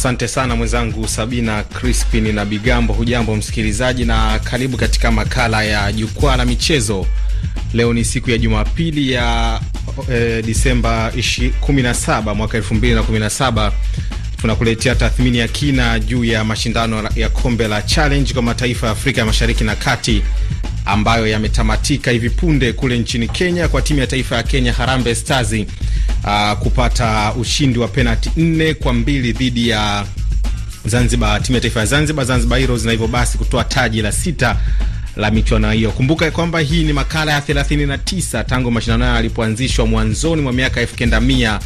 Asante sana mwenzangu Sabina Crispin na Bigambo. Hujambo msikilizaji, na karibu katika makala ya jukwaa la michezo. Leo ni siku ya Jumapili ya e, Disemba 17 mwaka 2017. Tunakuletea tathmini ya kina juu ya mashindano ya kombe la Challenge kwa mataifa ya Afrika ya Mashariki na Kati ambayo yametamatika hivi punde kule nchini Kenya kwa timu ya taifa ya Kenya Harambee Stars uh, kupata ushindi wa penalti nne kwa mbili dhidi ya Zanzibar, timu ya taifa ya Zanzibar, Zanzibar Heroes, na hivyo basi kutoa taji la sita la michuano hiyo. Kumbuka kwamba hii ni makala ya 39 tangu mashindano hayo yalipoanzishwa mwanzoni mwa miaka elfu kenda mia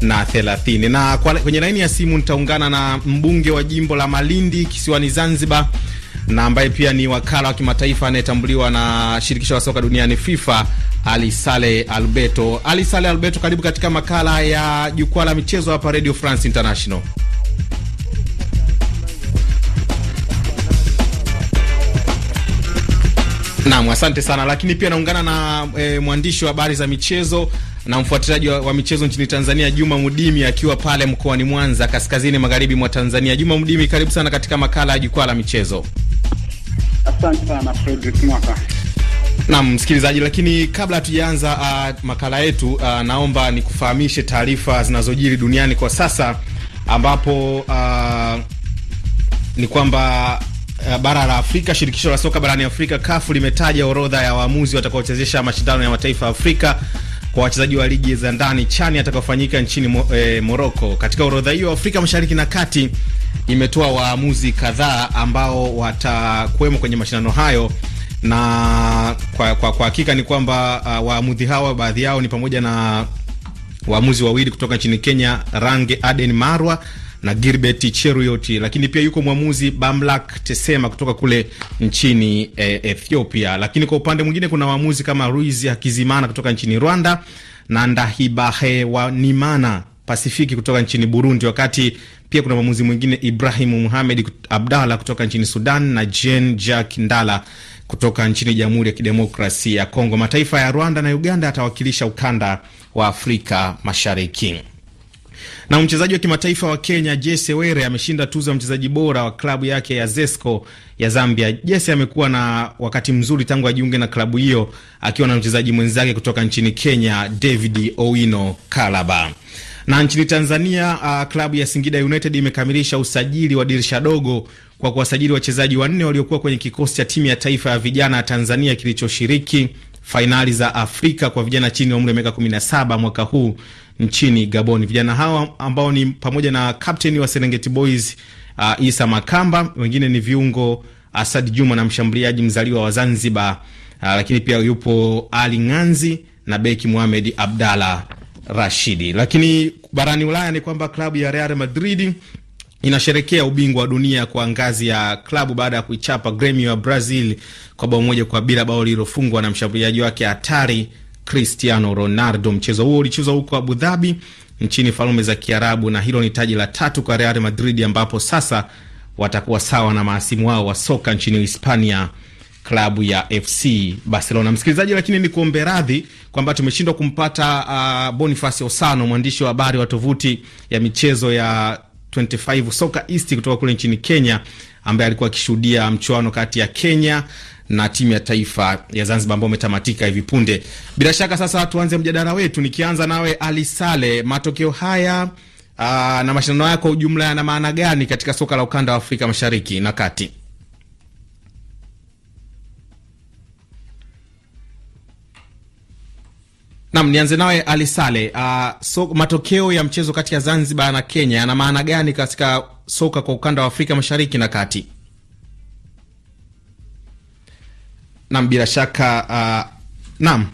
na thelathini. Na kwa, kwenye laini ya simu nitaungana na mbunge wa jimbo la Malindi kisiwani Zanzibar na ambaye pia ni wakala wa kimataifa anayetambuliwa na shirikisho la soka duniani FIFA ali Sale Alberto. Ali Sale Alberto, karibu katika makala ya jukwaa la michezo hapa Radio France International. Naam, asante sana. Lakini pia naungana na e, mwandishi wa habari za michezo na mfuatiliaji wa, wa michezo nchini Tanzania Juma Mudimi akiwa pale mkoani Mwanza kaskazini magharibi mwa Tanzania. Juma Mudimi, karibu sana katika makala ya jukwaa la michezo. Asante sana Fredrick Mwaka. Naam, msikilizaji, lakini kabla hatujaanza uh, makala yetu uh, naomba nikufahamishe taarifa zinazojiri duniani kwa sasa ambapo uh, ni kwamba uh, bara la Afrika, shirikisho la soka barani Afrika kafu limetaja orodha ya waamuzi watakaochezesha mashindano ya mataifa ya Afrika kwa wachezaji wa ligi za ndani chani atakaofanyika nchini mo, eh, Moroko. Katika orodha hiyo, Afrika Mashariki na Kati imetoa waamuzi kadhaa ambao watakuwemo kwenye mashindano hayo na kwa, kwa, kwa hakika ni kwamba uh, waamuzi hawa baadhi yao ni pamoja na waamuzi wawili kutoka nchini Kenya, Range Aden Marwa na Gilbert Cheruiyot, lakini pia yuko mwamuzi Bamlak Tesema kutoka kule nchini e, Ethiopia. Lakini kwa upande mwingine kuna waamuzi kama Ruiz Hakizimana kutoka nchini Rwanda na Ndahibahewanimana Pasifiki kutoka nchini Burundi, wakati pia kuna mwamuzi mwingine Ibrahimu Muhamed Abdalla kutoka nchini Sudan na Jen Jack Ndala kutoka nchini Jamhuri ya Kidemokrasia ya Kongo. Mataifa ya Rwanda na Uganda yatawakilisha ukanda wa Afrika Mashariki. Na mchezaji wa kimataifa wa Kenya Jesse Were ameshinda tuzo ya mchezaji bora wa klabu yake ya Zesco ya Zambia. Jesse amekuwa na wakati mzuri tangu ajiunge na klabu hiyo akiwa na mchezaji mwenzake kutoka nchini Kenya David Owino Kalaba. Na nchini Tanzania uh, klabu ya Singida United imekamilisha usajili wa dirisha dogo kwa kuwasajili wachezaji wanne waliokuwa kwenye kikosi cha timu ya taifa ya vijana ya Tanzania kilichoshiriki fainali za Afrika kwa vijana chini ya umri wa miaka 17 mwaka huu nchini Gabon. Vijana hawa ambao ni pamoja na kapteni wa Serengeti Boys uh, Isa Makamba, wengine ni viungo uh, Asad Juma na mshambuliaji mzaliwa wa Zanzibar, uh, lakini pia yupo Ali Nganzi na beki Muhamed Abdalah Rashidi. Lakini barani Ulaya ni kwamba klabu ya Real Madrid inasherekea ubingwa wa dunia kwa ngazi ya klabu baada ya kuichapa Gremio ya Brazil kwa bao moja kwa bila, bao lililofungwa na mshambuliaji wake hatari Cristiano Ronaldo. Mchezo huo ulichezwa huko Abu Dhabi nchini Falme za Kiarabu, na hilo ni taji la tatu kwa Real Madrid, ambapo sasa watakuwa sawa na maasimu wao wa soka nchini Hispania klabu ya FC Barcelona. Msikilizaji, lakini ni kuombe radhi kwamba tumeshindwa kumpata uh, Boniface Osano, mwandishi wa habari wa tovuti ya michezo ya 25 Soka East kutoka kule nchini Kenya, ambaye alikuwa akishuhudia mchuano kati ya Kenya na timu ya taifa ya Zanzibar ambao umetamatika hivi punde. Bila shaka sasa tuanze mjadala wetu, nikianza nawe Ali Sale, matokeo haya uh, na mashindano haya kwa ujumla yana maana gani katika soka la ukanda wa Afrika Mashariki na Kati? Nam, nianze nawe Ali Sale. Uh, ah, so, matokeo ya mchezo kati ya Zanzibar na Kenya yana maana gani katika soka kwa ukanda wa Afrika Mashariki na Kati? Nam, bila shaka uh, ah, nam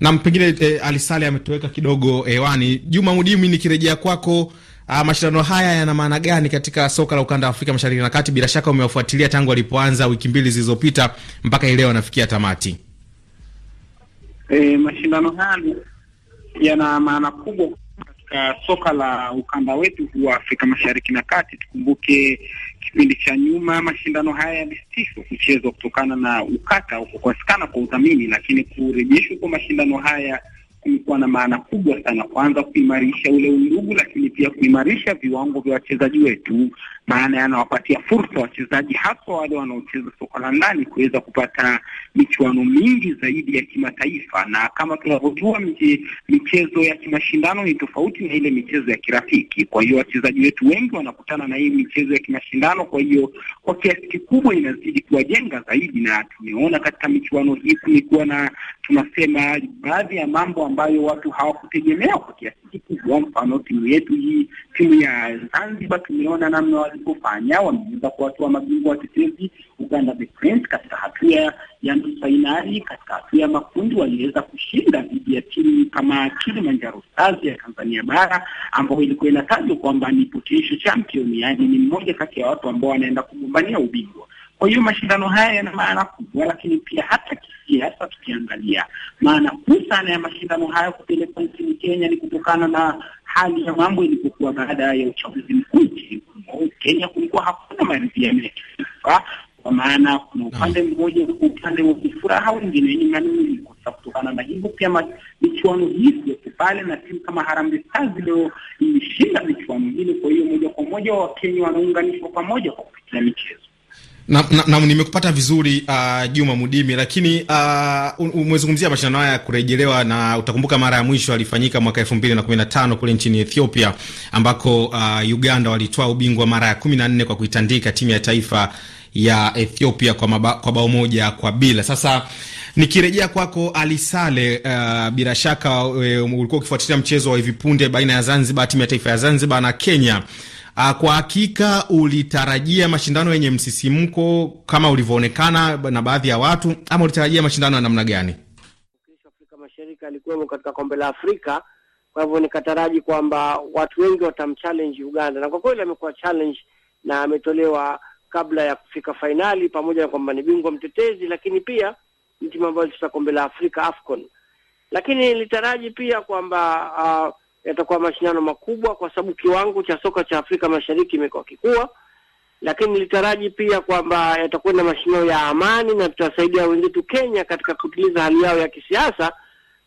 nam pengine eh, Ali Sale ametoweka kidogo hewani. Eh, Juma Mudimi, nikirejea kwako Uh, mashindano haya yana maana gani katika soka la ukanda wa Afrika Mashariki na Kati? Bila shaka umewafuatilia tangu alipoanza wiki mbili zilizopita mpaka ileo wanafikia tamati. E, mashindano haya yana maana kubwa katika soka la ukanda wetu wa Afrika Mashariki na Kati. Tukumbuke kipindi cha nyuma mashindano haya yalisitishwa kuchezwa kutokana na ukata au kwa udhamini, lakini kurejeshwa kwa mashindano haya ilikuwa na maana kubwa sana, kwanza kuimarisha ule undugu, lakini pia kuimarisha viwango vya wachezaji wetu, maana yanawapatia fursa wachezaji haswa wale wanaocheza soka la ndani kuweza kupata michuano mingi zaidi ya kimataifa, na kama tunavyojua michezo ya kimashindano ni tofauti na ile michezo ya kirafiki. Kwa hiyo wachezaji wetu wengi wanakutana na hii michezo ya kimashindano, kwa hiyo kwa kiasi kikubwa inazidi kuwajenga zaidi, na tumeona katika michuano hii kumekuwa na tunasema baadhi ya mambo ambayo watu hawakutegemea kwa kiasi kikubwa. Mfano, timu yetu hii, timu ya Zanzibar, tumeona namna walivyofanya, wameweza kuwatoa mabingwa watetezi Uganda the Cranes katika hatua ya nusu fainali. Katika hatua ya makundi waliweza kushinda dhidi ya timu kama Kilimanjaro Stars ya Tanzania Bara, ambayo ilikuwa inatajwa kwamba ni potential champion, yaani ni mmoja kati ya watu ambao wanaenda kugombania ubingwa. Kwa hiyo mashindano haya yana maana kubwa, lakini pia hata kisiasa tukiangalia maana kuu sana ya mashindano haya kupelekwa nchini Kenya ni kutokana na hali ya mambo ilipokuwa baada ya uchaguzi mkuu nchini Kenya. Kulikuwa hakuna maridhiano ya kitaifa, kwa maana kuna upande mmoja huko upande wa kifuraha, wengine wenye manunguniko. Kutokana na hivyo pia michuano hii siwepo pale, na timu kama Harambee Stars leo ilishinda michuano ile. Kwa hiyo moja kwa moja Wakenya wanaunganishwa pamoja kwa kupitia michezo na, na, na nimekupata vizuri uh, Juma Mudimi, lakini uh, umezungumzia mashindano haya ya kurejelewa, na utakumbuka mara ya mwisho alifanyika mwaka elfu mbili na kumi na tano kule nchini Ethiopia ambako uh, Uganda walitoa ubingwa mara ya kumi na nne kwa kuitandika timu ya taifa ya Ethiopia kwa, maba, kwa bao moja kwa bila. Sasa nikirejea kwako Alisale, uh, bila shaka uh, ulikuwa ukifuatilia mchezo wa hivi punde baina ya Zanzibar, timu ya taifa ya Zanzibar na Kenya. Ah, kwa hakika ulitarajia mashindano yenye msisimko kama ulivyoonekana na baadhi ya watu, ama ulitarajia mashindano ya namna gani? Afrika Mashariki alikuwemo katika kombe la Afrika, kwa hivyo nikataraji kwamba watu wengi watamchallenge Uganda, na kwa kweli amekuwa challenge na ametolewa kabla ya kufika fainali, pamoja na kwamba ni bingwa mtetezi, lakini pia ni timu ambayo ilicheza kombe la Afrika AFCON, lakini nilitaraji pia kwamba uh, yatakuwa mashindano makubwa, kwa sababu kiwango cha soka cha Afrika Mashariki imekuwa kikua, lakini nilitaraji pia kwamba yatakuwa na mashindano ya amani na tutasaidia wenzetu Kenya katika kutuliza hali yao ya kisiasa,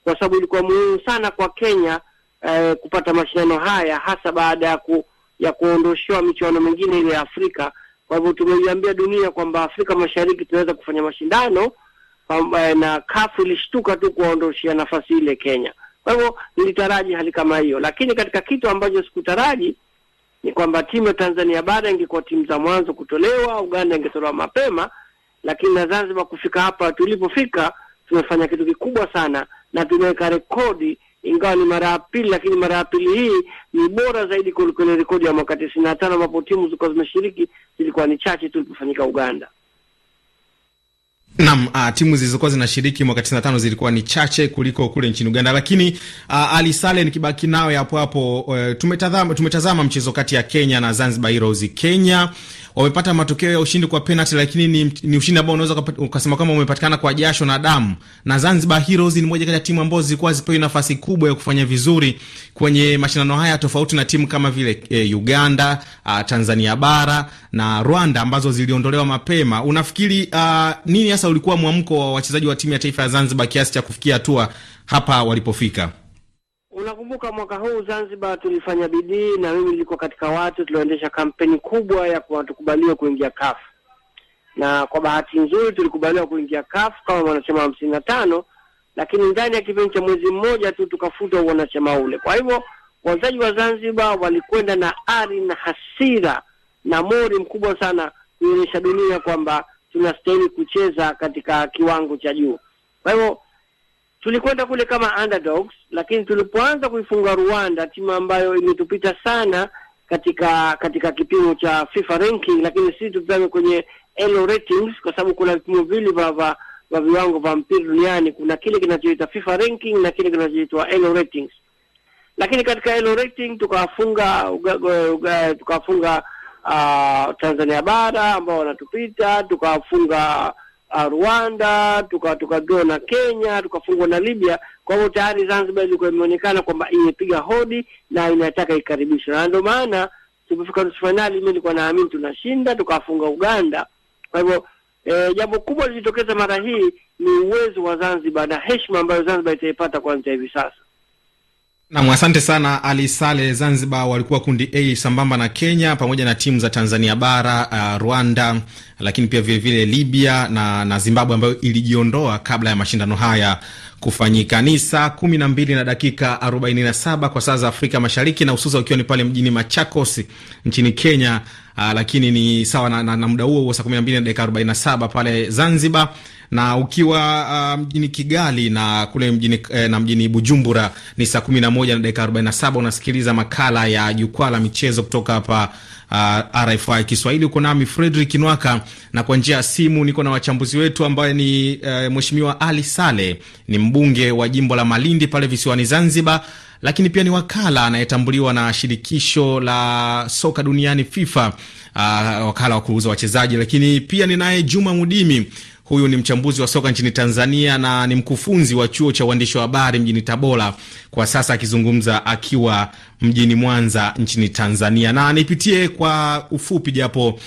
kwa sababu ilikuwa muhimu sana kwa Kenya eh, kupata mashindano haya hasa baada ya ku, ya kuondoshewa michuano mingine ile ya Afrika. Kwa hivyo tumeiambia dunia kwamba Afrika Mashariki tunaweza kufanya mashindano, eh, na kafu ilishtuka tu kuwaondoshea nafasi ile Kenya. Kwa hivyo nilitaraji hali kama hiyo, lakini katika kitu ambacho sikutaraji ni kwamba timu ya Tanzania Bara ingekuwa timu za mwanzo kutolewa, Uganda ingetolewa mapema, lakini na Zanzibar kufika hapa tulipofika, tumefanya kitu kikubwa sana na tumeweka rekodi, ingawa ni mara ya pili, lakini mara ya pili hii ni bora zaidi kuliko ile rekodi ya mwaka tisini na tano ambapo timu zilikuwa zimeshiriki zilikuwa ni chache tu ilipofanyika Uganda. Nam uh, ah, timu zilizokuwa zinashiriki mwaka 95 zilikuwa ni chache kuliko kule nchini Uganda, lakini uh, Ali Sale, nikibaki nawe hapo hapo, eh, tumetazama tumetazama mchezo kati ya Kenya na Zanzibar Heroes. Kenya wamepata matokeo ya ushindi kwa penalty, lakini ni, ni ushindi ambao unaweza ukasema kwamba umepatikana kwa jasho na damu, na Zanzibar Heroes ni moja kati ya timu ambazo zilikuwa zipewi nafasi kubwa ya kufanya vizuri kwenye mashindano haya, tofauti na timu kama vile eh, Uganda, uh, Tanzania bara na Rwanda ambazo ziliondolewa mapema. Unafikiri uh, nini hasa ulikuwa mwamko wa wachezaji wa timu ya taifa ya Zanzibar kiasi cha kufikia hatua hapa walipofika? Unakumbuka mwaka huu Zanzibar tulifanya bidii, na mimi nilikuwa katika watu tulioendesha kampeni kubwa ya tukubaliwa kuingia kafu, na kwa bahati nzuri tulikubaliwa kuingia kafu kama wanachama hamsini na tano, lakini ndani ya kipindi cha mwezi mmoja tu tukafutwa wanachama ule. Kwa hivyo wazaji wa Zanzibar walikwenda na ari na hasira na mori mkubwa sana kuonyesha dunia kwamba tunastahili kucheza katika kiwango cha juu. Kwa hivyo tulikwenda kule kama underdogs, lakini tulipoanza kuifunga Rwanda, timu ambayo imetupita sana katika katika kipimo cha FIFA ranking, lakini sisi tupame kwenye ELO ratings, kwa sababu kuna vipimo vili vya vya viwango vya mpira duniani. Kuna kile kinachoitwa FIFA ranking na kile kinachoitwa ELO ratings, lakini katika ELO rating tukawafunga tukawafunga uh, Tanzania bara ambao wanatupita, tukawafunga Uh, Rwanda, tukadroa na Kenya, tukafungwa na Libya. Kwa hivyo tayari Zanzibar ilikuwa imeonekana kwamba imepiga hodi na inataka ikaribishwa, na ndio maana tulipofika nusu fainali, mimi nilikuwa naamini tunashinda, tukafunga Uganda. Kwa hivyo e, jambo kubwa lilijitokeza mara hii ni uwezo wa Zanzibar na heshima ambayo Zanzibar itaipata kuanzia hivi sasa. Nam, asante sana Ali Sale. Zanzibar walikuwa kundi A sambamba na Kenya pamoja na timu za Tanzania bara, uh, Rwanda, lakini pia vilevile vile Libya na, na Zimbabwe ambayo ilijiondoa kabla ya mashindano haya kufanyika. Ni saa kumi na mbili na dakika arobaini na saba kwa saa za Afrika Mashariki, na hususa ukiwa ni pale mjini Machakos nchini Kenya. Uh, lakini ni sawa na, na, na muda huo huo saa kumi na mbili na dakika arobaini na saba pale Zanzibar na ukiwa uh, mjini Kigali na kule mjini, eh, na mjini Bujumbura ni saa kumi na moja na dakika arobaini na saba. Unasikiliza makala ya jukwaa la michezo kutoka hapa uh, ah, RFI Kiswahili. Uko nami Fredrick Nwaka na kwa njia ya simu niko na wachambuzi wetu ambaye ni uh, Mheshimiwa Ali Sale ni mbunge wa jimbo la Malindi pale visiwani Zanzibar, lakini pia ni wakala anayetambuliwa na shirikisho la soka duniani FIFA, uh, wakala wa kuuza wachezaji, lakini pia ninaye Juma Mudimi Huyu ni mchambuzi wa soka nchini Tanzania na ni mkufunzi wa chuo cha uandishi wa habari mjini Tabora, kwa sasa akizungumza akiwa mjini Mwanza nchini Tanzania. Na nipitie kwa ufupi japo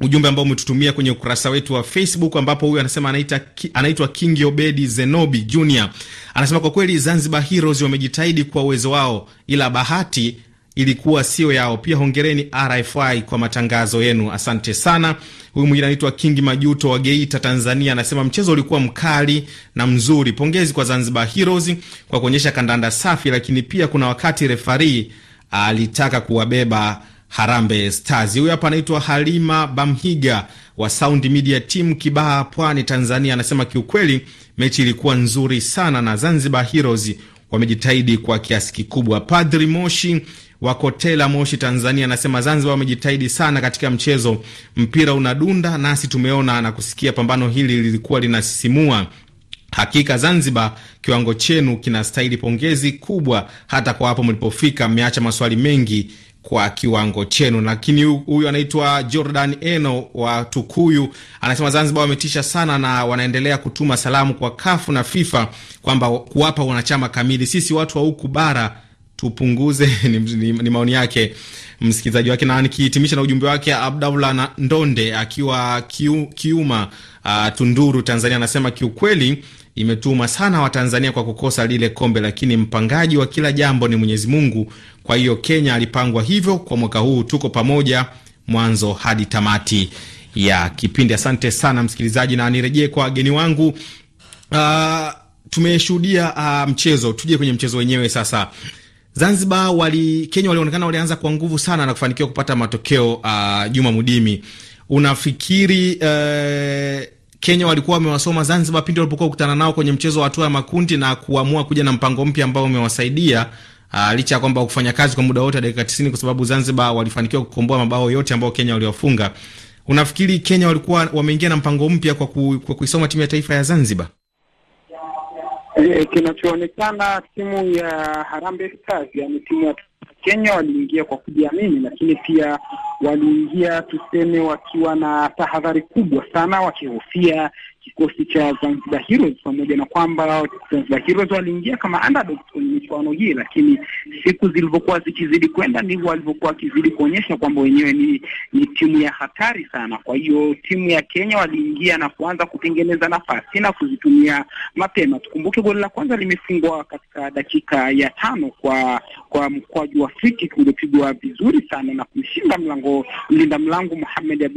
ujumbe ambao umetutumia kwenye ukurasa wetu wa Facebook ambapo huyu anasema anaita, anaitwa Kingi Obedi Zenobi Junior. Anasema kwa kweli Zanzibar Heroes wamejitahidi kwa uwezo wao, ila bahati ilikuwa sio yao. Pia hongereni RFI kwa matangazo yenu, asante sana. Huyu mwingine anaitwa Kingi Majuto wa Geita, Tanzania, anasema mchezo ulikuwa mkali na mzuri. Pongezi kwa Zanzibar Heroes kwa kuonyesha kandanda safi, lakini pia kuna wakati refari alitaka kuwabeba Harambe Stars. Huyu hapa anaitwa Halima Bamhiga wa Sound Media Team, Kibaha, Pwani, Tanzania, anasema kiukweli mechi ilikuwa nzuri sana na Zanzibar Heroes wamejitahidi kwa kiasi kikubwa. Padri Moshi wa Kotela, Moshi, Tanzania, anasema Zanzibar wamejitahidi sana katika mchezo, mpira unadunda, nasi tumeona na kusikia. Pambano hili lilikuwa linasisimua. Hakika Zanzibar, kiwango chenu kinastahili pongezi kubwa, hata kwa hapo mlipofika. Mmeacha maswali mengi kwa kiwango chenu. Lakini huyu anaitwa Jordan Eno wa Tukuyu anasema Zanzibar wametisha sana na wanaendelea kutuma salamu kwa kafu na FIFA kwamba kuwapa wanachama kamili. Sisi watu wa huku bara tupunguze ni, ni, ni maoni yake msikilizaji wake, na nikihitimisha na ujumbe wake Abdallah Ndonde akiwa kiu, Kiuma a, uh, Tunduru, Tanzania, anasema kiukweli imetuma sana Watanzania kwa kukosa lile kombe, lakini mpangaji wa kila jambo ni Mwenyezi Mungu. Kwa hiyo Kenya alipangwa hivyo kwa mwaka huu, tuko pamoja mwanzo hadi tamati ya kipindi. Asante sana msikilizaji, na nirejee kwa wageni wangu. Uh, tumeshuhudia uh, mchezo. Tuje kwenye mchezo wenyewe sasa. Zanzibar wali, Kenya walionekana walianza kwa nguvu sana na kufanikiwa kupata matokeo uh, Juma Mudimi, unafikiri uh, Kenya walikuwa wamewasoma Zanzibar pindi walipokuwa kukutana nao kwenye mchezo wa hatua ya makundi na kuamua kuja na mpango mpya ambao umewasaidia uh, licha ya kwamba kufanya kazi kwa muda wote dakika 90 kwa sababu Zanzibar walifanikiwa kukomboa mabao yote ambao Kenya waliwafunga. Unafikiri Kenya walikuwa wameingia na mpango mpya kwa, ku, kwa kuisoma timu ya taifa ya Zanzibar? E, kinachoonekana timu ya Harambee Stars, yani timu ya Kenya, waliingia kwa kujiamini, lakini pia waliingia tuseme, wakiwa na tahadhari kubwa sana, wakihofia kikosi cha Zanzibar Heroes, pamoja na kwamba Zanzibar Heroes waliingia kama underdogs kwenye michuano hii, lakini siku zilivyokuwa zikizidi kwenda ndivyo walivyokuwa wakizidi kuonyesha kwamba wenyewe ni, ni timu ya hatari sana. Kwa hiyo timu ya Kenya waliingia na kuanza kutengeneza nafasi na kuzitumia mapema. Tukumbuke goli la kwanza limefungwa katika dakika ya tano kwa kwa mkwaju wa free kick uliopigwa vizuri sana na kumshinda mlango mlinda mlango Mohamed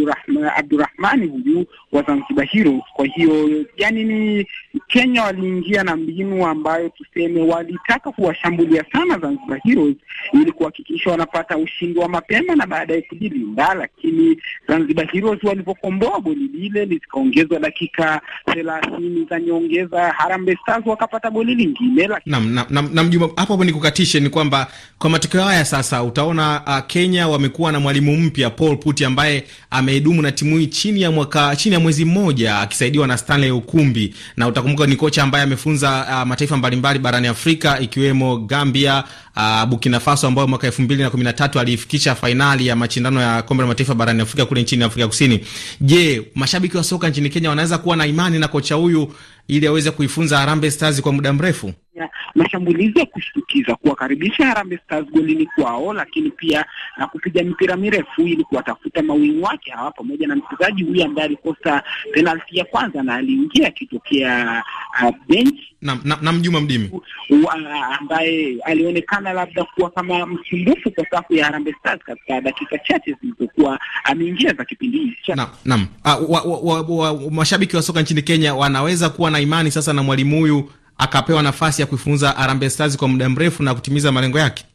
abdurahmani huyu wa Zanzibar Heroes kwa hiyo ndio yani ni Kenya waliingia na mbinu ambayo tuseme walitaka kuwashambulia sana Zanzibar Heroes ili kuhakikisha wanapata ushindi wa mapema na baadaye kujilinda, lakini Zanzibar Heroes walipokomboa goli lile likaongezwa dakika thelathini za nyongeza, Harambee Stars wakapata goli lingine la... nam na, na, na hapo hapo nikukatishe, ni kwamba kwa matokeo haya sasa utaona uh, Kenya wamekuwa na mwalimu mpya Paul Puti ambaye ameidumu na timu hii chini ya mwaka chini ya mwezi mmoja akisaidiwa na Stanley Ukumbi, na utakumbuka ni kocha ambaye amefunza uh, mataifa mbalimbali barani Afrika ikiwemo Gambia, uh, Burkina Faso ambayo mwaka 2013 aliifikisha fainali ya mashindano ya kombe la mataifa barani Afrika kule nchini Afrika Kusini. Je, mashabiki wa soka nchini Kenya wanaweza kuwa na imani na kocha huyu ili aweze kuifunza Harambee Stars kwa muda mrefu? kufanya mashambulizi ya kushtukiza, kuwakaribisha Harambee Stars golini kwao, lakini pia na kupiga mipira mirefu ili kuwatafuta mawingu wake hawa, pamoja na mchezaji huyu ambaye alikosa penalti ya kwanza na aliingia akitokea uh, bench na, na, na Mjuma Mdimi uh, ambaye alionekana labda kuwa kama msumbufu kwa safu ya Harambee Stars katika dakika chache zilizokuwa ameingia za kipindi hicho. Naam, naam. Uh, wa, wa, wa, wa, mashabiki wa soka nchini Kenya wanaweza kuwa na imani sasa na mwalimu huyu akapewa nafasi ya kuifunza Harambee Stars kwa muda mrefu na kutimiza malengo yake?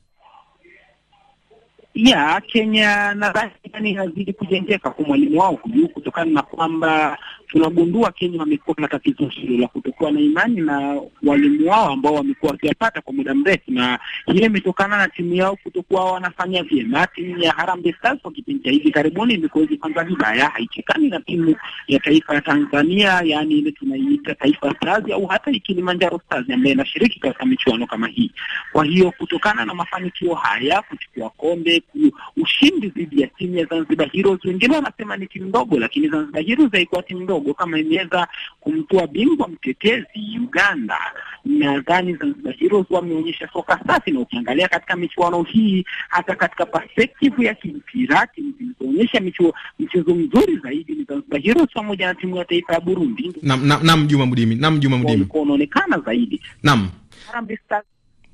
Yeah, Kenya nadhani yani hazidi kujengeka kwa mwalimu wao kujuu, kutokana na kwamba tunagundua Kenya wamekuwa na tatizo hilo la kutokuwa na imani na walimu wao ambao wamekuwa wakiwapata kwa muda mrefu, na hiyo imetokana na timu yao kutokuwa wanafanya vyema. Timu ya Harambee Stars kwa kipindi cha hivi karibuni imekuwa ikifanya vibaya, haichekani na timu ya taifa ya Tanzania, yaani ile tunaiita Taifa Stars au hata Kilimanjaro Stars ambaye inashiriki katika michuano kama hii. Kwa hiyo kutokana na mafanikio haya, kuchukua kombe, ushindi dhidi ya timu ya Zanzibar Heroes, wengine wanasema ni timu ndogo, lakini Zanzibar Heroes haikuwa timu ndogo kidogo, kama imeweza kumtoa bingwa mtetezi Uganda, nadhani Zanzibar Heroes wameonyesha soka safi, na ukiangalia katika michuano hii, hata katika perspective ya kimpira, timu zilizoonyesha mchezo mzuri zaidi ni Zanzibar Heroes pamoja na timu ya taifa ya Burundi. Naam, naam, Juma Mudimi, naam, Juma Mudimi unaonekana zaidi. Naam, Harambee Stars,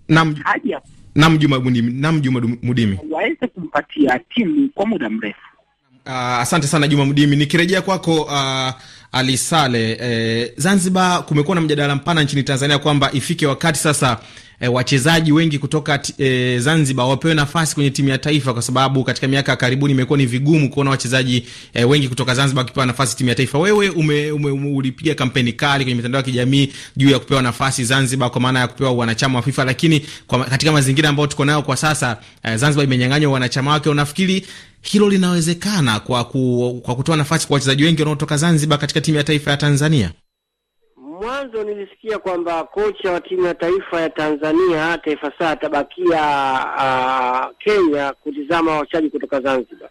naam, haja naam, Juma Mdimi, naam, Juma Mdimi waweze kumpatia timu kwa muda mrefu. Uh, asante sana Juma Mudimi, nikirejea kwako uh... Ali Sale. Eh, Zanzibar kumekuwa na mjadala mpana nchini Tanzania kwamba ifike wakati sasa e, wachezaji wengi kutoka e, Zanzibar wapewe nafasi kwenye timu ya taifa, kwa sababu katika miaka ya karibuni imekuwa ni vigumu kuona wachezaji e, wengi kutoka Zanzibar wakipewa nafasi timu ya taifa. Wewe ume, ume, ume, ulipiga kampeni kali kwenye mitandao ya kijamii juu ya kupewa nafasi Zanzibar kwa maana ya kupewa wanachama wa FIFA, lakini kwa, katika mazingira ambayo tuko nayo kwa sasa e, Zanzibar imenyang'anywa wanachama wake. Unafikiri hilo linawezekana kwa, ku, kwa kutoa nafasi kwa wachezaji wengi wanaotoka Zanzibar katika timu ya taifa ya Tanzania? Mwanzo nilisikia kwamba kocha wa timu ya taifa ya Tanzania Taifa Stars atabakia uh, Kenya kutizama wachaji kutoka Zanzibar,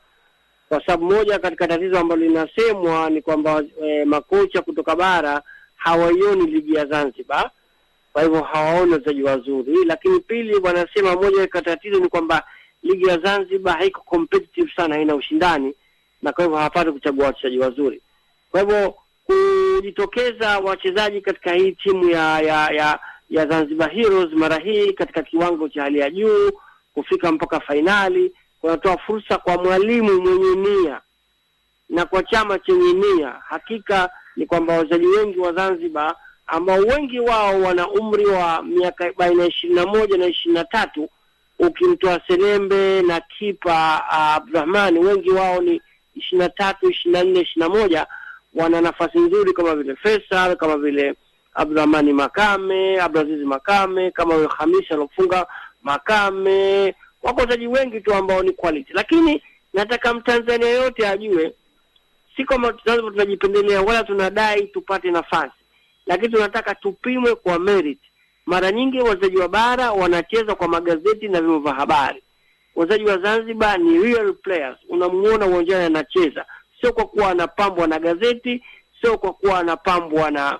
kwa sababu moja katika tatizo ambalo linasemwa ni kwamba eh, makocha kutoka bara hawaioni ligi ya Zanzibar, kwa hivyo hawaoni wachezaji wazuri. Lakini pili, wanasema moja katika tatizo ni kwamba ligi ya Zanzibar haiko competitive sana, haina ushindani, na kwa hivyo hawapati kuchagua wachezaji wazuri, kwa hivyo wamejitokeza wachezaji katika hii timu ya ya ya, ya Zanzibar Heroes mara hii katika kiwango cha hali ya juu kufika mpaka fainali kunatoa fursa kwa mwalimu mwenye nia na kwa chama chenye nia. Hakika ni kwamba wachezaji wengi wa Zanzibar ambao wengi wao wana umri wa miaka baina ya ishirini na moja na ishirini na tatu ukimtoa Selembe na kipa ah, Abdurahmani, wengi wao ni ishirini na tatu, ishirini na nne, ishirini na moja wana nafasi nzuri kama vile Faisal, kama vile Abdurahmani Makame, Abdulaziz Makame, kama vile Hamisi alofunga Makame, wako wachezaji wengi tu ambao ni quality, lakini nataka Mtanzania yote ajue si kama Zanzibar tunajipendelea wala tunadai tupate nafasi, lakini tunataka tupimwe kwa merit. Mara nyingi wachezaji wa bara wanacheza kwa magazeti na vyombo vya habari. Wachezaji wa Zanzibar ni real players, unamuona uwanjani anacheza sio kwa kuwa anapambwa na gazeti, sio kwa kuwa anapambwa na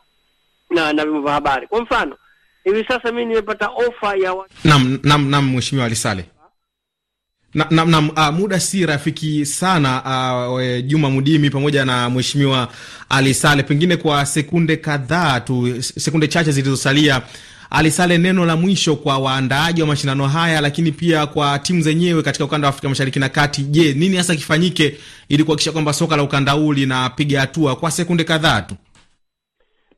na na vyombo vya habari. Kwa mfano hivi sasa mimi nimepata ofa ya nam nam nam, mheshimiwa Alisale na, na, na, uh, ah, muda si rafiki sana uh, Juma Mudimi pamoja na mheshimiwa Ali Sale, pengine kwa sekunde kadhaa tu, sekunde chache zilizosalia alisale neno la mwisho kwa waandaaji wa mashindano haya, lakini pia kwa timu zenyewe katika ukanda wa Afrika Mashariki na Kati. Je, nini hasa kifanyike ili kuhakikisha kwamba soka la ukanda huu linapiga hatua? Kwa sekunde kadhaa tu,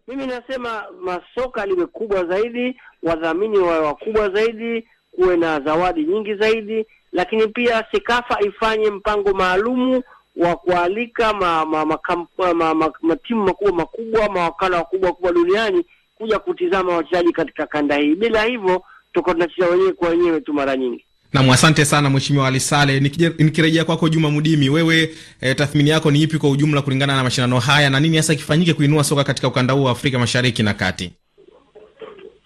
mimi nasema masoka liwe kubwa zaidi, wadhamini wawe wakubwa zaidi, kuwe na zawadi nyingi zaidi, lakini pia Sekafa ifanye mpango maalumu wa kualika matimu ma, ma, ma, ma, ma, ma, makubwa makubwa mawakala wakubwa kubwa duniani kuja kutizama wachezaji katika kanda hii. Bila hivyo tuko tunacheza wenyewe kwa wenyewe tu mara nyingi. Nam, asante sana Mheshimiwa alisale Nikirejea kwako Juma Mudimi, wewe e, tathmini yako ni ipi kwa ujumla kulingana na mashindano haya na nini hasa kifanyike kuinua soka katika ukanda huu wa Afrika Mashariki na Kati?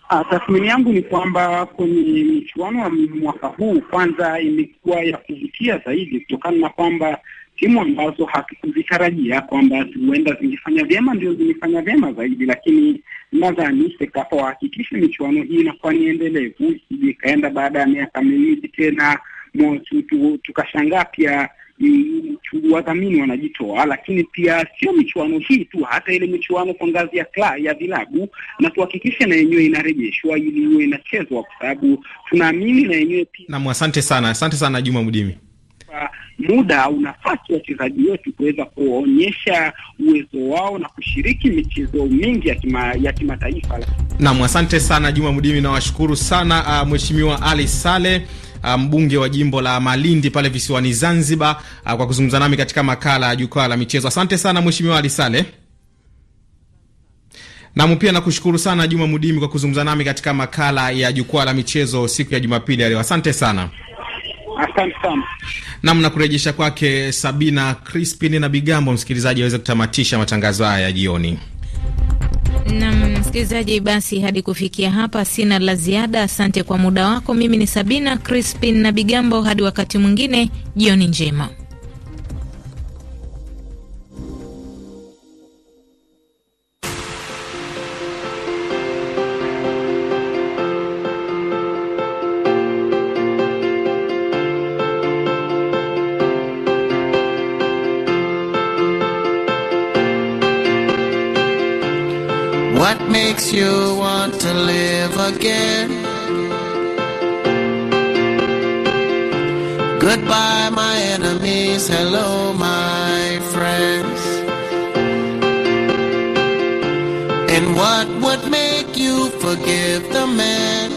Ah, tathmini yangu ni kwamba kwenye michuano ya mwaka huu kwanza imekuwa ya kuvutia zaidi kutokana na kwamba timu ambazo hatukuzitarajia kwamba huenda zingefanya vyema ndio zimefanya vyema zaidi, lakini nadhani Sekafa wahakikishe michuano hii inakuwa ni endelevu, isije ikaenda baada ya miaka miwili tena tukashangaa pia wadhamini wanajitoa, lakini pia sio michuano hii tu, hata ile michuano kwa ngazi ya kla, ya vilabu na tuhakikishe na yenyewe inarejeshwa ili iwe inachezwa, kwa sababu tunaamini na yenyewe pia. Naam, asante sana, asante sana Juma Mdimi kuwapa muda au nafasi wachezaji wetu kuweza kuonyesha uwezo wao na kushiriki michezo mingi ya kima, ya kimataifa. Naam, asante sana Juma Mdimi, nawashukuru sana uh, Mheshimiwa Ali Sale ah, mbunge wa jimbo la Malindi pale visiwani Zanzibar ah, kwa kuzungumza nami katika makala ya jukwaa la michezo. Asante sana Mheshimiwa Ali Saleh. Nam, pia nakushukuru sana Juma Mudimi kwa kuzungumza nami katika makala ya jukwaa la michezo siku ya Jumapili ya leo. Asante sana. Asante sana namna kurejesha kwake Sabina Crispin na Bigambo, msikilizaji aweze kutamatisha matangazo haya ya jioni. Nam msikilizaji, basi hadi kufikia hapa sina la ziada. Asante kwa muda wako. Mimi ni Sabina Crispin na Bigambo, hadi wakati mwingine, jioni njema. makes you want to live again. Goodbye, my enemies. Hello, my friends. And what would make you forgive the man?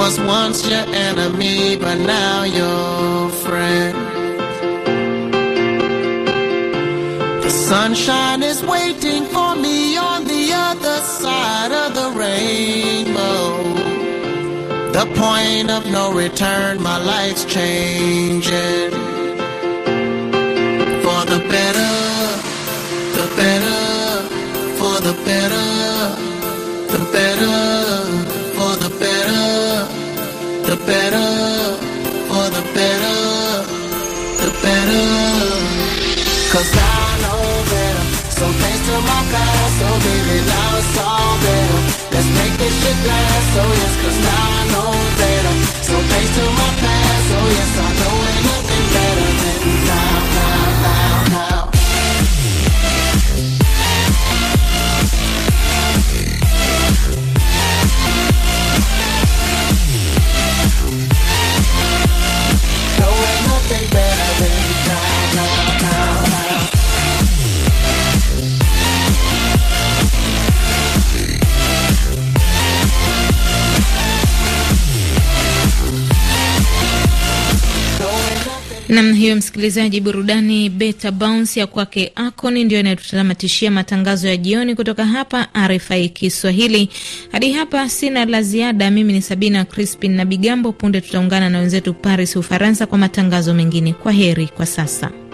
Was once your enemy, but now you're. Sunshine is waiting for me on the other side of the rainbow. The point of no return, my life's changing. For the better, the better, for the better, the better, for the better, the better, for the better, the better. Cause I to my past, so baby now it's all better Let's make this shit last, oh yes, cause now I know better So thanks to my past, oh yes, I know it Nam hiyo msikilizaji, burudani beta bounce ya kwake Akon ndio inayotutamatishia matangazo ya jioni kutoka hapa RFI Kiswahili. Hadi hapa sina la ziada. Mimi ni Sabina Crispin na Bigambo. Punde tutaungana na wenzetu Paris, Ufaransa, kwa matangazo mengine. Kwa heri kwa sasa.